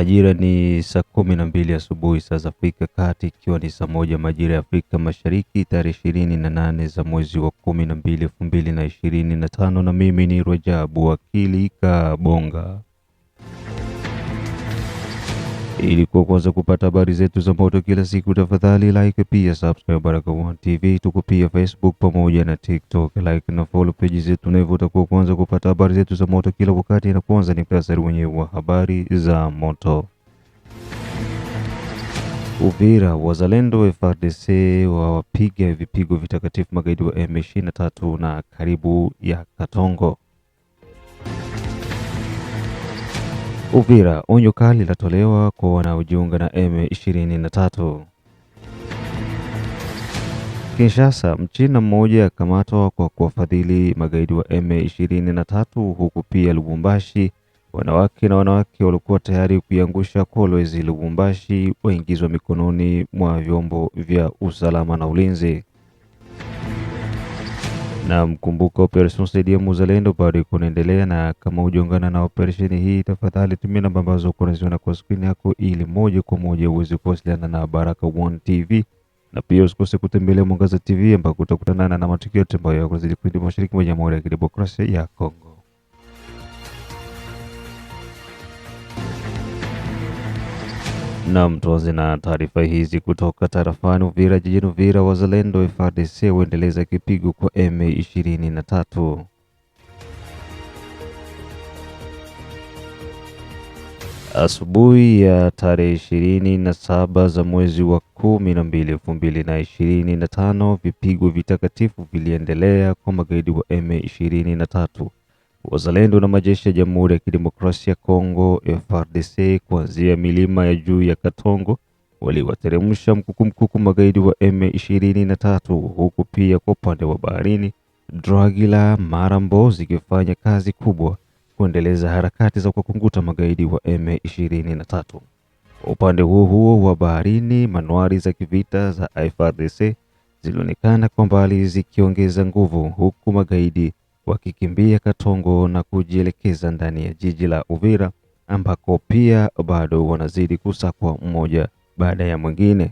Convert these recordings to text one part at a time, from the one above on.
Majira ni saa kumi na mbili asubuhi saa za Afrika Kati, ikiwa ni saa moja majira ya Afrika Mashariki, tarehe ishirini na nane za mwezi wa kumi na mbili elfu mbili na ishirini na tano na mimi ni Rajabu Akili Kabonga. Ili kwa kwanza kupata habari zetu za moto kila siku, tafadhali like pia subscribe Baraka1 TV. Tuko pia Facebook pamoja na TikTok, like na follow page zetu, hivyo utakuwa kwanza kupata habari zetu za moto kila wakati. Na kwanza ni mtasari wenyewe wa habari za moto. Uvira, wazalendo wa FARDC wawapiga vipigo vitakatifu magaidi wa M23 na karibu ya Katongo. Uvira, onyo kali latolewa kwa wanaojiunga na M23. Kinshasa, mchina mmoja akamatwa kwa kuwafadhili magaidi wa M23, huku pia Lubumbashi wanawake na wanawake waliokuwa tayari kuiangusha Kolwezi Lubumbashi waingizwa mikononi mwa vyombo vya usalama na ulinzi na mkumbuka operesheni saidia muzalendo bado kunaendelea, na kama hujaungana na operesheni hii, tafadhali tumia namba ambazo kunaziona kwa skrini yako ili moja kwa moja uweze kuwasiliana na Baraka One TV, na pia usikose kutembelea Mwangaza TV ambako utakutana na matukio yote ambayo yako kuendelea mashariki mwa Jamhuri ya Kidemokrasia ya Kongo. Nam, tuanze na taarifa hizi kutoka tarafani Uvira. Jijini Uvira, wazalendo FARDC huendeleza kipigo kwa M23. Asubuhi ya tarehe ishirini na saba za mwezi wa kumi na mbili elfu mbili na ishirini na tano vipigo vitakatifu viliendelea kwa magaidi wa M23 Wazalendo na majeshi ya Jamhuri ya Kidemokrasia ya Kongo FARDC kuanzia milima ya juu ya Katongo waliwateremsha mkukumkuku magaidi wa M23 huku pia kwa upande wa baharini dragila Marambo zikifanya kazi kubwa kuendeleza harakati za kukunguta magaidi wa M23. Upande huo huo wa baharini, manuari za kivita za FARDC zilionekana kwa mbali zikiongeza nguvu, huku magaidi wakikimbia Katongo na kujielekeza ndani ya jiji la Uvira ambako pia bado wanazidi kusakwa mmoja baada ya mwingine.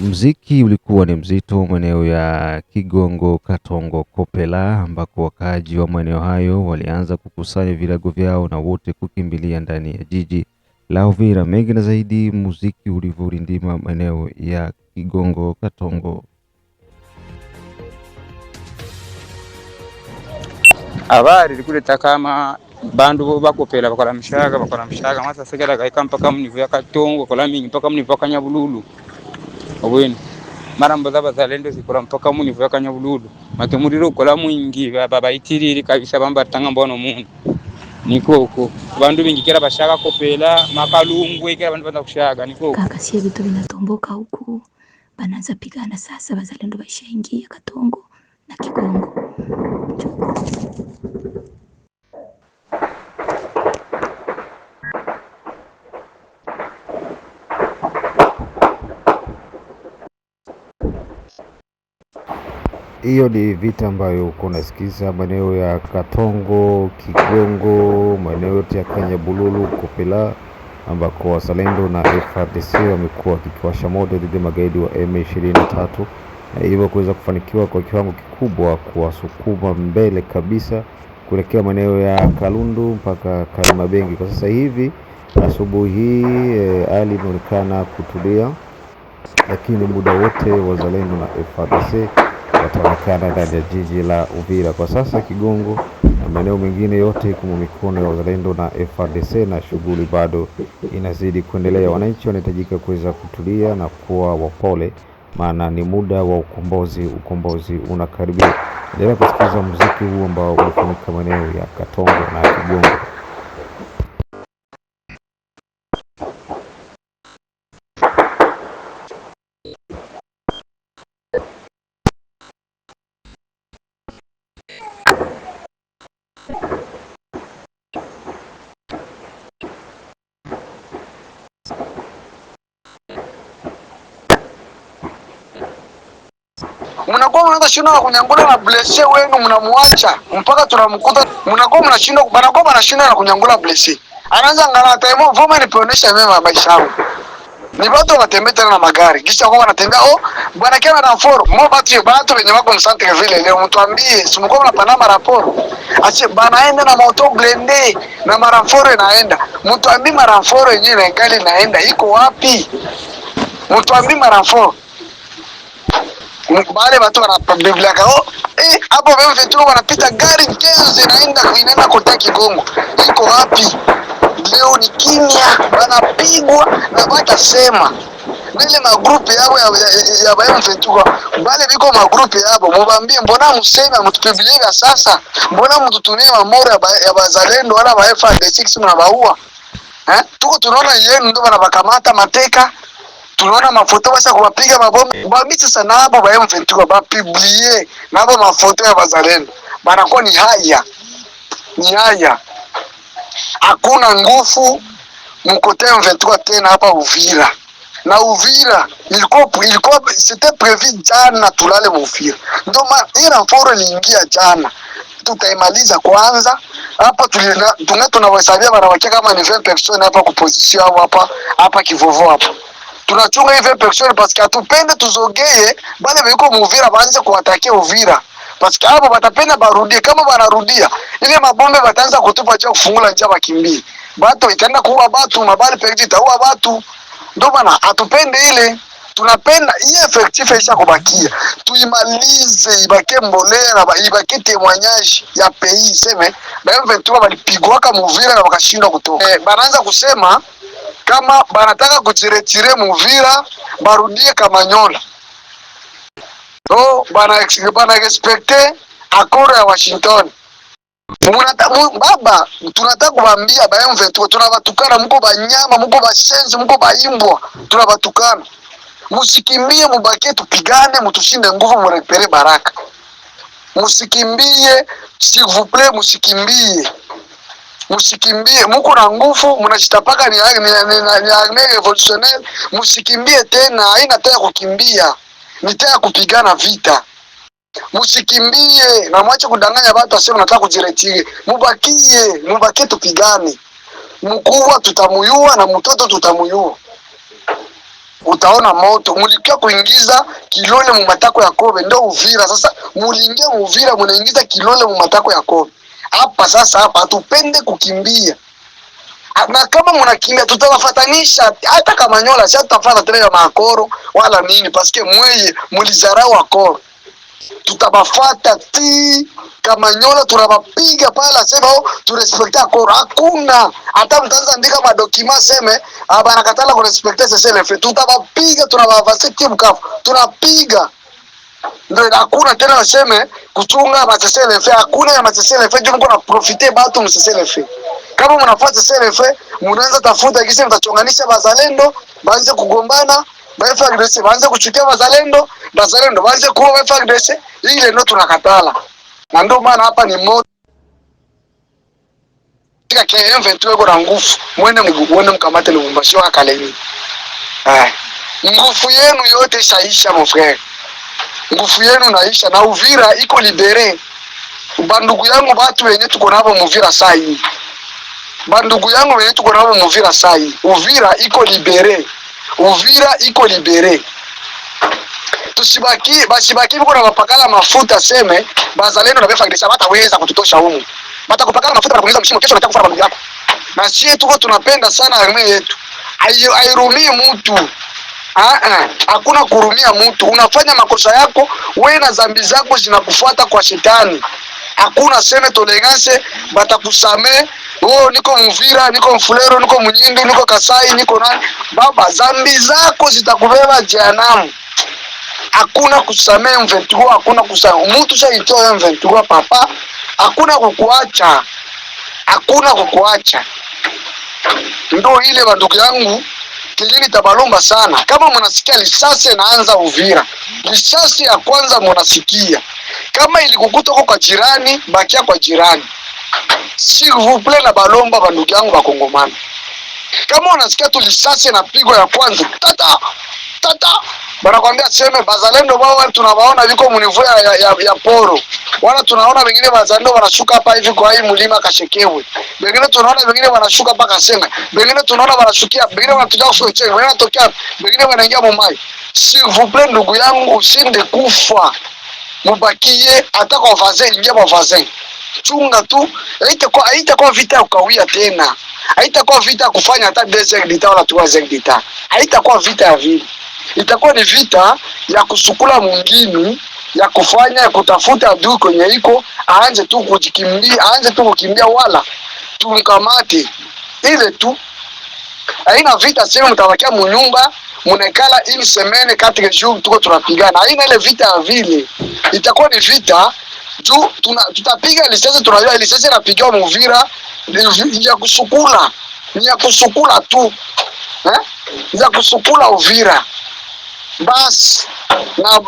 Mziki ulikuwa ni mzito maeneo ya Kigongo, Katongo, Kopela ambako wakaaji wa maeneo hayo walianza kukusanya virago vyao na wote kukimbilia ndani ya jiji la Uvira. Mengi na zaidi muziki ulivyorindima maeneo ya Kigongo, Katongo. Habari likuleta kama bandu bakopela bakola mshaga bakolamshaga masasekela gaika mpaka mnivu ya Katongo kola mingi mpaka munivu ya Kanyabululu obwene mara mboza bazalendo zikola mpaka mnivu ya Kanyabululu matumuriro kola mwingi itiriri kabisa tanga mbono munu nikoko bandu bingi kera bashaka kopela makalungwe kera bandu banza kushaka nikoko kaka, sie vitu vinatomboka huku, banaza pigana sasa. Bazalendo baishaingia Katongo na Kikongo. hiyo ni vita ambayo uko nasikiza maeneo ya Katongo, Kigongo, maeneo yote ya bululu Kopela ambako wazalendo na frdc wamekuwa wakikiwasha moto dhidi ya magaidi wa M23 na hivyo kuweza kufanikiwa kwa kiwango kikubwa kuwasukuma mbele kabisa kuelekea maeneo ya Kalundu mpaka Kalimabengi. Kwa sasa hivi asubuhi hii e, hali inaonekana kutulia, lakini muda wote wazalendo na frdc yataonekana ndani ya jiji la Uvira kwa sasa. Kigongo na maeneo mengine yote ikumo mikono ya uzalendo na fdc na shughuli bado inazidi kuendelea. Wananchi wanahitajika kuweza kutulia na kuwa wapole, maana ni muda wa ukombozi. Ukombozi unakaribia. Endelea kusikiliza muziki huu ambao umefunika maeneo ya Katongo na Kigongo. mnakuwa mnashindwa kunyangula na blesse wenu, mnamuacha mpaka tunamkuta, mnakuwa mnashindwa, banakuwa banashindwa na kunyangula blesse, anaanza ngala taimo vuma ni mema maisha yangu ni watu wanatembea tena na magari kisha kwa wanatembea oh bwana kama na foro mo batu batu wenye wako msante vile leo mtuambie simko na panama raporo ache bana enda na moto blende na mara foro inaenda mtuambie mara foro yenyewe ngali inaenda iko wapi mtuambie mara foro Baale watu wanapa Biblia kao eh, hapo wewe vitu wanapita gari jezo zinaenda kuinaenda kota Kigongo, iko wapi leo? Ni kimya, wanapigwa na watasema nile magrupu yabo ya ya bayo mfituko bale biko magrupu yabo, mubambie mbona museme mtupibilika sasa, mbona mtutunie mamoro ya, ba, ya bazalendo wala ba FARDC mnabaua eh, tuko tunaona yenu ndio wanabakamata mateka tuliona mafoto basha kuwapiga mabomu sana nabo ba M23 na nabo mafoto ya bazalendo banakuwa ni haya ni haya. Hakuna nguvu mkote M23 tena hapa Uvira na Uvira ilikuwa ilikuwa c'était prévu jana, tulale Uvira ndio maana ila foro liingia jana, tutaimaliza kwanza hapa tunga tunawasabia wanawake kama ni 20 personnes hapa kuposition hapa hapa kivovo hapa tunachunga hivi infection parce que atupende tuzogee bale biko Muvira baanze kuwatakia Uvira parce que hapo batapenda barudie. Kama banarudia ile mabombe bataanza kutupa cha kufungula njia bakimbie, bato itaenda kuua batu, mabali pekiti itaua batu. Ndio maana atupende ile tunapenda hii effective isha kubakia, tuimalize, ibake mbolea na ibake temwanyaji ya pei. Seme ba M23 balipigwaka Muvira na wakashindwa kutoka, eh, banaanza kusema kama banataka kujiretire Muvira barudie Kamanyola. So bana bana respecte akoro ya Washington. Munata, baba tunataka kuambia ba M23 tunabatukana, mko banyama, mko bashenzi, mko baimbwa, tunabatukana. Musikimbie, mubaki tupigane, mutushinde nguvu, murepere baraka. Musikimbie s'il vous plaît, musikimbie musikimbie, muko na nguvu, munajitapaka ni ni ni, arme revolutionnaire, musikimbie tena, haina tena kukimbia, ni tena kupigana vita. Musikimbie na mwache kudanganya watu, asema nataka kujiretire. Mubakie, mubakie, tupigane. Mkubwa tutamuyua na mtoto tutamuyua. Utaona moto. Mulikia kuingiza kilole mumatako ya kobe, ndio Uvira. Sasa muliingia Uvira, munaingiza kilole mumatako ya kobe hapa sasa, hapa hatupende kukimbia, ah, na kama mnakimbia tutawafatanisha, hata kama nyola si tutafata tena makoro wala nini, paske mweye mulizarau akoro tutabafata ti kama nyola tunabapiga pala sema oh, turespekte akoro. Hakuna hata mtaanza andika madokima seme abanakatala ah, kurespekte seselefe, tutabapiga tunabavase ti mkafu tunapiga ndio hakuna tena waseme kuchunga ba CCLF, hakuna ya CCLF ndio mko na profiter batu mu CCLF. Kama mnafuata CCLF, mnaanza tafuta kisi mtachonganisha bazalendo, baanze kugombana, ba FARDC baanze kuchukia bazalendo, bazalendo baanze kuwa ba FARDC, ile ndio tunakatala. Na ndio maana hapa ni moto kika M23 iko na nguvu, mwende mwende mkamate Lubumbashi wa Kalemi. Ah, nguvu yenu yote shaisha, mon ngufu yenu naisha, na Uvira iko libere. Bandugu yangu batu wenye tuko navo Muvira sai, bandugu yangu wenye tuko navo Muvira sai, Uvira iko libere, Uvira iko libere. Tusibaki basibaki biko na bapakala mafuta seme bazalendo na befagirisa bataweza kututosha humu, batakupakala mafuta na kuuliza mshimo, kesho nataka kufara bandugu yako. Na sisi tuko tunapenda sana arme yetu, hairumii mutu Ah, ah, hakuna kurumia mtu. Unafanya makosa yako we na zambi zako zinakufuata kwa shetani. Hakuna sene tolerance, batakusamee Oh, niko Mvira, niko Mfulero, niko mnyindi niko Kasai, niko nani. Baba, zambi zako zitakubeba jehanamu. Hakuna kusamehe mventura, hakuna kusamea mtu saitoe mventura papa, hakuna kukuacha, hakuna kukuacha. Ndo ile bandugu yangu kilili tabalomba sana, kama mnasikia lisasi inaanza Uvira, lisasi ya kwanza mnasikia. Kama ilikukuta huko kwa jirani, bakia kwa jirani, s'il vous Na balomba bandugu yangu bakongomana, kama unasikia tu lisasi na pigo ya kwanza tata tata banakwambia tuseme bazalendo bao wale tunawaona viko mnivu ya, ya, ya poro wala tunaona wengine bazalendo wanashuka hapa hivi kwa hii mlima Kashekewe, wengine tunaona wengine wanashuka hapa Kasema, wengine tunaona wanashukia, wengine wanatoka kusoche wengine wanatokea, wengine wanaingia Mumai. si vous plaît, ndugu yangu, usinde kufa mubakie, hata kwa vazen, ingia kwa vazen, chunga tu, aita kwa aita kwa vita ukawia tena aita kwa vita kufanya hata 2 heures d'etat wala 3 heures d'etat, haitakuwa vita ya vile itakuwa ni vita ya kusukula mwingine ya kufanya ya kutafuta adui kwenye iko aanze tu kujikimbia, aanze tu kukimbia, wala tumkamate ile tu. Haina vita sema mtabakia munyumba munekala ili semene ya jumu tuko tunapigana. Haina ile vita ya vile, itakuwa ni vita tu, tuna, tutapiga lisasi. Tunajua lisasi inapigwa Muvira ya kusukula, ni ya kusukula tu eh? ya kusukula Uvira basi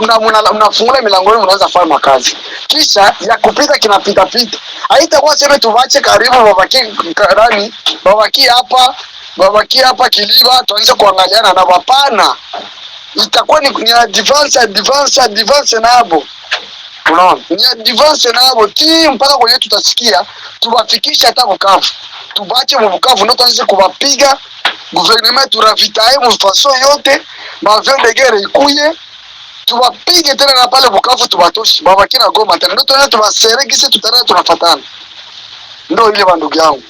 mnafungula yenu, mnaweza fanya makazi. Kisha ya kupita kinapitapita, haitakuwa seme tuvache karibu, babaki karani, babaki hapa, babaki hapa Kiliba, tuanze kuangaliana na wapana, itakuwa ni advance advance advance nabo unaona advance nabo ti mpaka kwenye tutasikia tubafikisha hata Bukavu, tubache mu ndo tuanze kubapiga guvernema, turavitae mufaso yote mavyo ikuye tubapige tena na pale Bukavu tubatoshi babaki na Goma tena ndo tuanze tubaseregise, tutana tunafatana. Ndo ile bandugu yangu,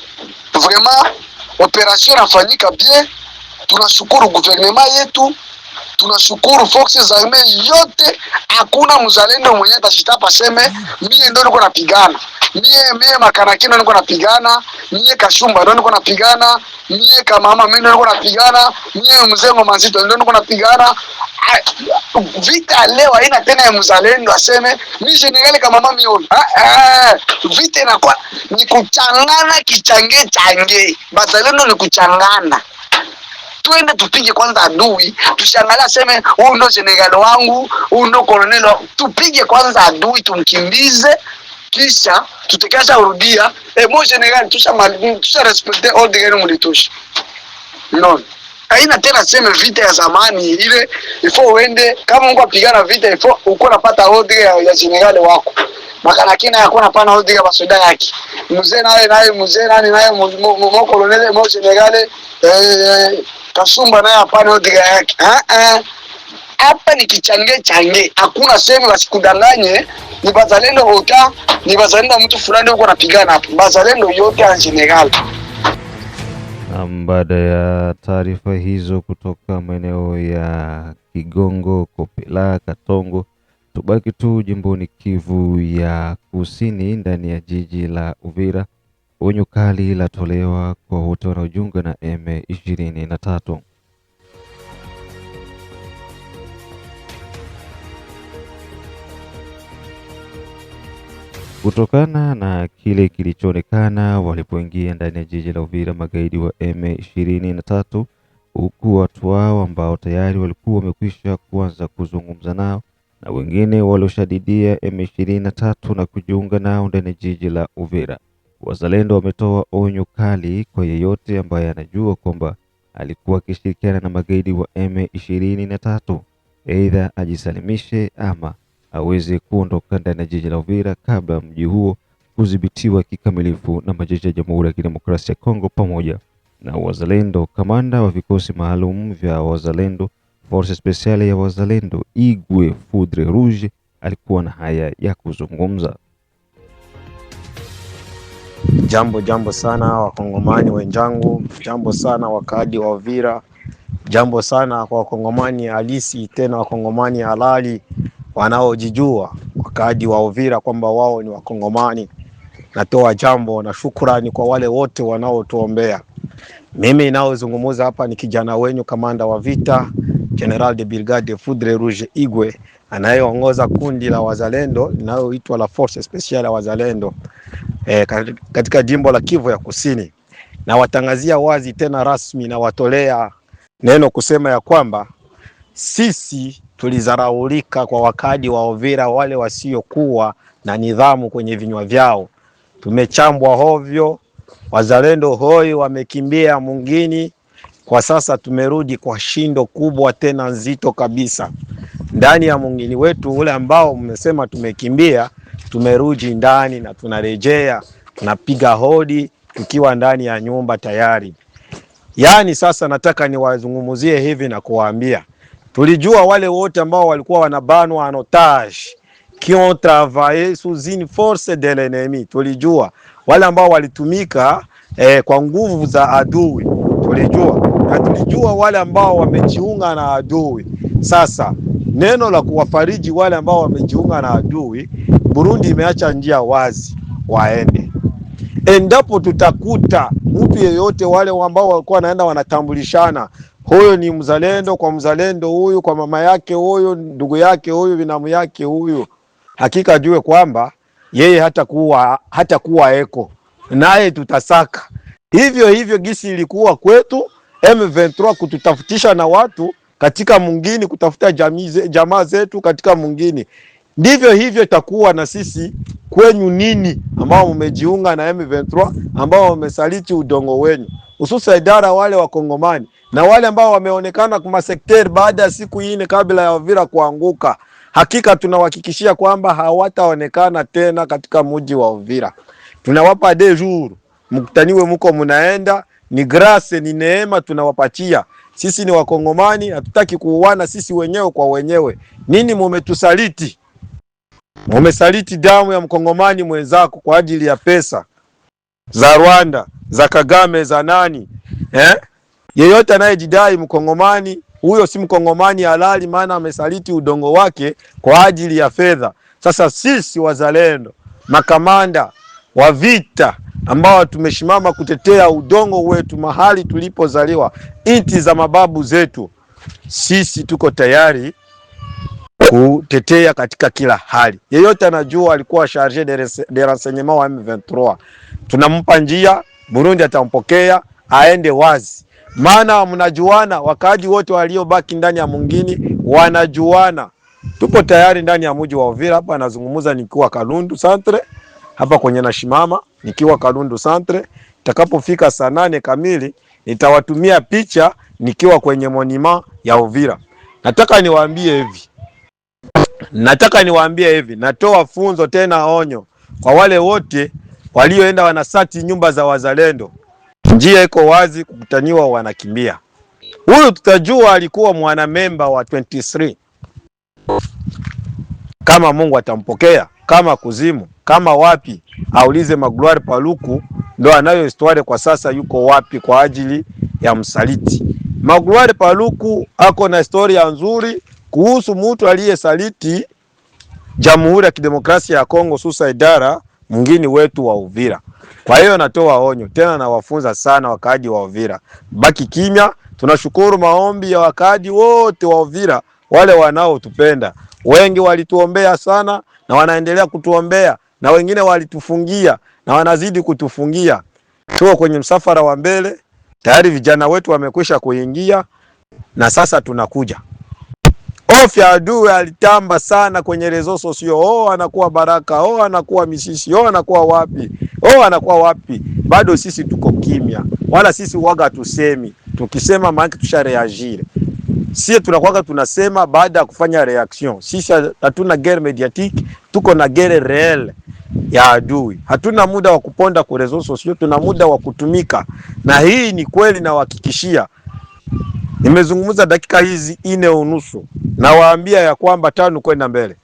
vraiment operation inafanyika bien, tunashukuru guvernema yetu tunashukuru forces arme yote, hakuna mzalendo mwenye atajitapa seme mie ndo niko napigana mie, mie makanaki niko napigana mie, kashumba ndo niko napigana mie, kamama mimi ndo niko napigana mie, mzengo mazito ndo niko napigana. Vita leo haina tena ya mzalendo aseme mi jenerali kama mama mioni. Vita inakuwa ni kuchangana, kichange change, bazalendo ni kuchangana twende tupige kwanza adui, tushangalia seme huyu ndo jenerali wangu, huyu ndo koloneli. Tupige kwanza adui, tumkimbize kisha tutekasha urudia e mo general tusha mali tusha respecte ordre yenu mlitosha. Non, haina tena sema vita ya zamani ile, ifo uende kama ungo apigana vita ifo uko napata ordre ya, ya general wako makana kina yako napana ordre ya basoda yake mzee naye naye mzee nani naye mo colonel mo general eh, eh, eh Kasumba naye hapana yote yake. Ah ah. Hapa ni kichange change. Hakuna sehemu wasikudanganye. Ni bazalendo hota, ni bazalendo mtu fulani huko anapigana hapo. Bazalendo yote en general. Baada ya taarifa hizo kutoka maeneo ya Kigongo, Kopela, Katongo, tubaki tu jimboni Kivu ya Kusini ndani ya jiji la Uvira Onyo kali latolewa kwa wote wanaojiunga na M23. Kutokana na kile kilichoonekana walipoingia ndani ya jiji la Uvira, magaidi wa M23, huku watu wao ambao tayari walikuwa wamekwisha kuanza kuzungumza nao na wengine walioshadidia M23 na kujiunga nao ndani ya jiji la Uvira. Wazalendo wametoa onyo kali kwa yeyote ambaye anajua kwamba alikuwa akishirikiana na magaidi wa M23. Aidha ajisalimishe ama aweze kuondoka ndani ya jiji la Uvira kabla mji huo kudhibitiwa kikamilifu na majeshi ya Jamhuri ya Kidemokrasia ya Kongo pamoja na wazalendo. Kamanda wa vikosi maalum vya wazalendo, Force Speciale ya Wazalendo, Igwe Foudre Rouge alikuwa na haya ya kuzungumza. Jambo jambo sana wakongomani wenjangu, jambo sana wakadi wa Uvira, jambo sana kwa wakongomani halisi, tena wakongomani halali wanaojijua, wakadi wa Uvira kwamba wao ni wakongomani. Natoa jambo na shukrani kwa wale wote wanaotuombea. Mimi inaozungumuza hapa ni kijana wenyu, kamanda wa vita General de Brigade Foudre Rouge Igwe anayeongoza kundi la wazalendo linaloitwa la Force Speciale ya Wazalendo eh, katika jimbo la Kivu ya Kusini. Nawatangazia wazi tena rasmi, nawatolea neno kusema ya kwamba sisi tulizaraulika kwa wakadi wa Uvira, wale wasiokuwa na nidhamu kwenye vinywa vyao. Tumechambwa hovyo, wazalendo hoi wamekimbia mungini. Kwa sasa tumerudi kwa shindo kubwa tena nzito kabisa ndani ya mungini wetu ule ambao mmesema tumekimbia tumerudi ndani na tunarejea, tunapiga hodi tukiwa ndani ya nyumba tayari. Yaani sasa nataka niwazungumuzie hivi na kuwaambia, tulijua wale wote ambao walikuwa wanabanwa anotage qui ont travaillé sous une force de l'ennemi, tulijua wale ambao walitumika eh, kwa nguvu za adui tulijua, na tulijua wale ambao wamejiunga na adui sasa neno la kuwafariji wale ambao wamejiunga na adui. Burundi imeacha njia wazi, waende. Endapo tutakuta mtu yeyote, wale ambao walikuwa wanaenda wanatambulishana, huyo ni mzalendo kwa mzalendo, huyu kwa mama yake, huyu ndugu yake, huyu binamu yake, huyu, hakika ajue kwamba yeye hatakuwa kuwa eko naye, tutasaka hivyo hivyo gisi ilikuwa kwetu M23 kututafutisha na watu katika mwingine kutafuta jamii, jamaa zetu katika mwingine. Ndivyo hivyo itakuwa na sisi kwenyu nini, ambao mmejiunga na M23, ambao wamesaliti udongo wenu, hususa idara wale wakongomani na wale ambao wameonekana kwa sekteri baada ya siku ine kabla ya Uvira kuanguka. Hakika tunawahakikishia kwamba hawataonekana tena katika mji wa Uvira. Tunawapa de jour, mkutaniwe, muko munaenda, ni grace, ni neema tunawapatia sisi ni Wakongomani, hatutaki kuuana sisi wenyewe kwa wenyewe. Nini mumetusaliti? Mumesaliti damu ya mkongomani mwenzako kwa ajili ya pesa za Rwanda, za Kagame, za nani eh? Yeyote anayejidai mkongomani huyo si mkongomani halali, maana amesaliti udongo wake kwa ajili ya fedha. Sasa sisi wazalendo, makamanda wa vita ambao tumeshimama kutetea udongo wetu, mahali tulipozaliwa, inti za mababu zetu, sisi tuko tayari kutetea katika kila hali. Yeyote anajua alikuwa charge de renseignement wa M23, tunampa njia, Burundi atampokea aende wazi, maana mnajuana, wakaaji wote waliobaki ndani ya mungini wanajuana. Tupo tayari ndani ya mji wa Uvira, hapa anazungumza nikiwa Kalundu Centre hapa kwenye nashimama nikiwa Kalundu Centre. Itakapofika saa nane kamili nitawatumia picha nikiwa kwenye monima ya Uvira. Nataka niwaambie hivi, nataka niwaambie hivi, natoa funzo tena onyo kwa wale wote walioenda wanasati nyumba za wazalendo. Njia iko wazi, kukutaniwa wanakimbia. Huyu tutajua alikuwa mwanamemba wa 23 kama Mungu atampokea kama kuzimu kama wapi, aulize Magloire Paluku, ndo anayo historia kwa sasa, yuko wapi kwa ajili ya msaliti. Magloire Paluku ako na historia nzuri kuhusu mtu aliyesaliti Jamhuri ya Kidemokrasia ya Kongo, susa idara mwingine wetu wa Uvira. Kwa hiyo natoa onyo tena, nawafunza sana wakaaji wa Uvira, baki kimya. Tunashukuru maombi ya wakaaji wote wa Uvira, wale wanaotupenda wengi walituombea sana na wanaendelea kutuombea na wengine walitufungia na wanazidi kutufungia. Tuko kwenye msafara wa mbele tayari, vijana wetu wamekwisha kuingia na sasa tunakuja. Ofi adui alitamba sana kwenye sio sosio, oh, anakuwa Baraka, oh, anakuwa Misisi, oh, anakuwa wapi, oh, anakuwa wapi. Bado sisi tuko kimya, wala sisi waga tusemi. Tukisema maana tusha reagire sisi tunakuwa tunasema baada ya kufanya reaction. Sisi hatuna guerre mediatique, tuko na guerre reelle ya adui. Hatuna muda wa kuponda resources, sio, tuna muda wa kutumika, na hii ni kweli. Nawahakikishia, nimezungumza dakika hizi ine unusu, nawaambia ya kwamba tano kwenda mbele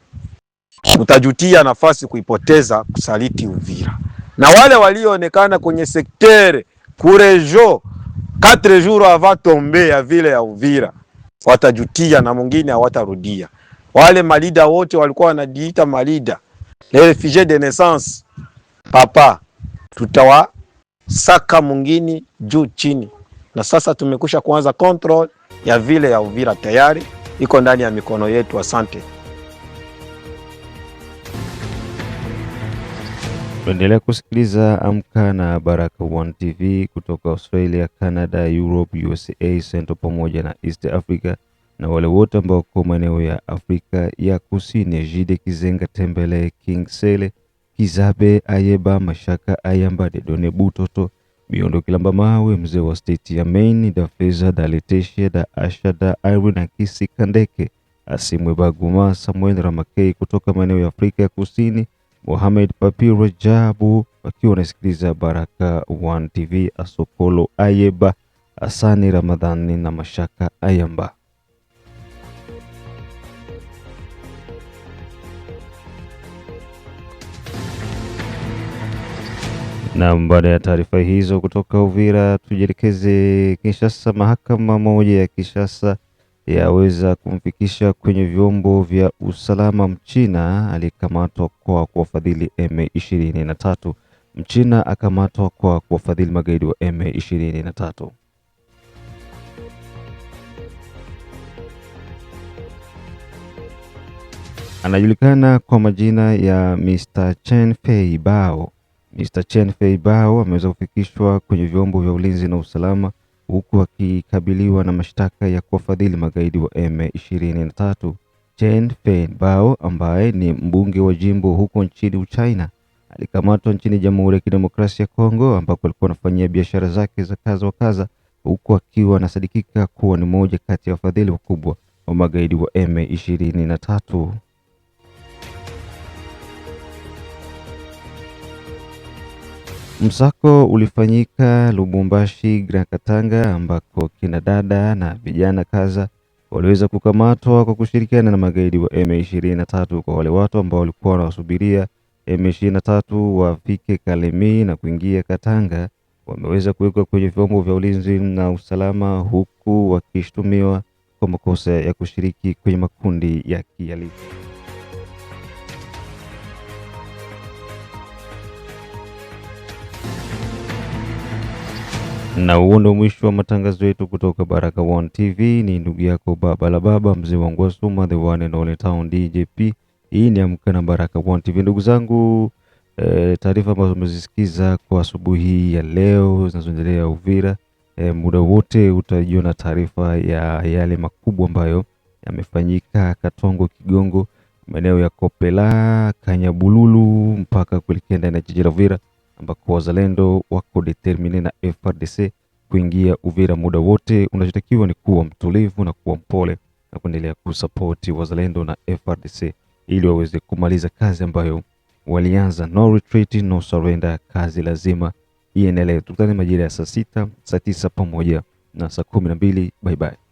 mtajutia nafasi kuipoteza kusaliti Uvira na wale walioonekana kwenye sektere kurejo katre jours avant tombe ya vile ya Uvira watajutia, na mwingine hawatarudia. Wale malida wote walikuwa wanajiita malida les refugiés de naissance, papa, tutawasaka mungini juu chini, na sasa tumekusha kuanza control ya vile ya Uvira, tayari iko ndani ya mikono yetu. Asante. Tuendelea kusikiliza Amka na Baraka One TV kutoka Australia, Canada, Europe, USA, Central pamoja na East Africa na wale wote ambao wako maeneo ya Afrika ya Kusini, Jide Kizenga, Tembele King Sele, Kizabe Ayeba, Mashaka Ayamba, Dedone Butoto, Biondo Kilamba Mawe, mzee wa state ya Maine, da Feza, da Letesha, da Asha, da Irene Kisi Kandeke, Asimwe Baguma, Samuel Ramakei kutoka maeneo ya Afrika ya Kusini, Mohamed Papi Rajabu wakiwa wanasikiliza Baraka One TV, Asokolo Ayeba, Asani Ramadhani na Mashaka Ayamba. Na baada ya taarifa hizo kutoka Uvira, tujielekeze Kinshasa. Mahakama moja ya Kinshasa yaweza kumfikisha kwenye vyombo vya usalama Mchina aliyekamatwa kwa kuwafadhili M23. Mchina akamatwa kwa kuwafadhili magaidi wa M23. Anajulikana kwa majina ya Mr. Chen Fei Bao Mr. Chen Feibao ameweza kufikishwa kwenye vyombo vya ulinzi na usalama huku akikabiliwa na mashtaka ya kuwafadhili magaidi wa M23. Chen Feibao ambaye ni mbunge wa jimbo huko nchini Uchina alikamatwa nchini Jamhuri ya Kidemokrasia ya Kongo ambako alikuwa anafanyia biashara zake za kaza wa kaza huku akiwa anasadikika kuwa ni mmoja kati ya wafadhili wakubwa wa magaidi wa M23. Msako ulifanyika Lubumbashi Grand Katanga ambako kina dada na vijana kaza waliweza kukamatwa kwa kushirikiana na magaidi wa M23. Kwa wale watu ambao walikuwa wanawasubiria M23 wafike Kalemi na kuingia Katanga, wameweza kuwekwa kwenye vyombo vya ulinzi na usalama, huku wakishtumiwa kwa makosa ya kushiriki kwenye makundi ya kihalifu. Na huo ndio mwisho wa matangazo yetu kutoka Baraka One TV. Ni ndugu yako baba la baba, mzee wangu wa Suma, the one and only town DJP. Hii ni amka na Baraka One TV. Ndugu zangu, e, taarifa ambazo umezisikiza kwa asubuhi ya leo zinazoendelea Uvira, e, muda wote utajiona taarifa ya yale makubwa ambayo yamefanyika Katongo, Kigongo, maeneo ya Kopela, Kanyabululu mpaka kuelekea ndani ya jiji la Uvira ambako wazalendo wako determine na frdc kuingia Uvira muda wote. Unachotakiwa ni kuwa mtulivu na kuwa mpole na kuendelea kusapoti wazalendo na frdc ili waweze kumaliza kazi ambayo walianza. No retreat, no surrender. Kazi lazima iendelee. Tukutane majira ya saa sita, saa tisa pamoja na saa kumi na mbili. Bye bye.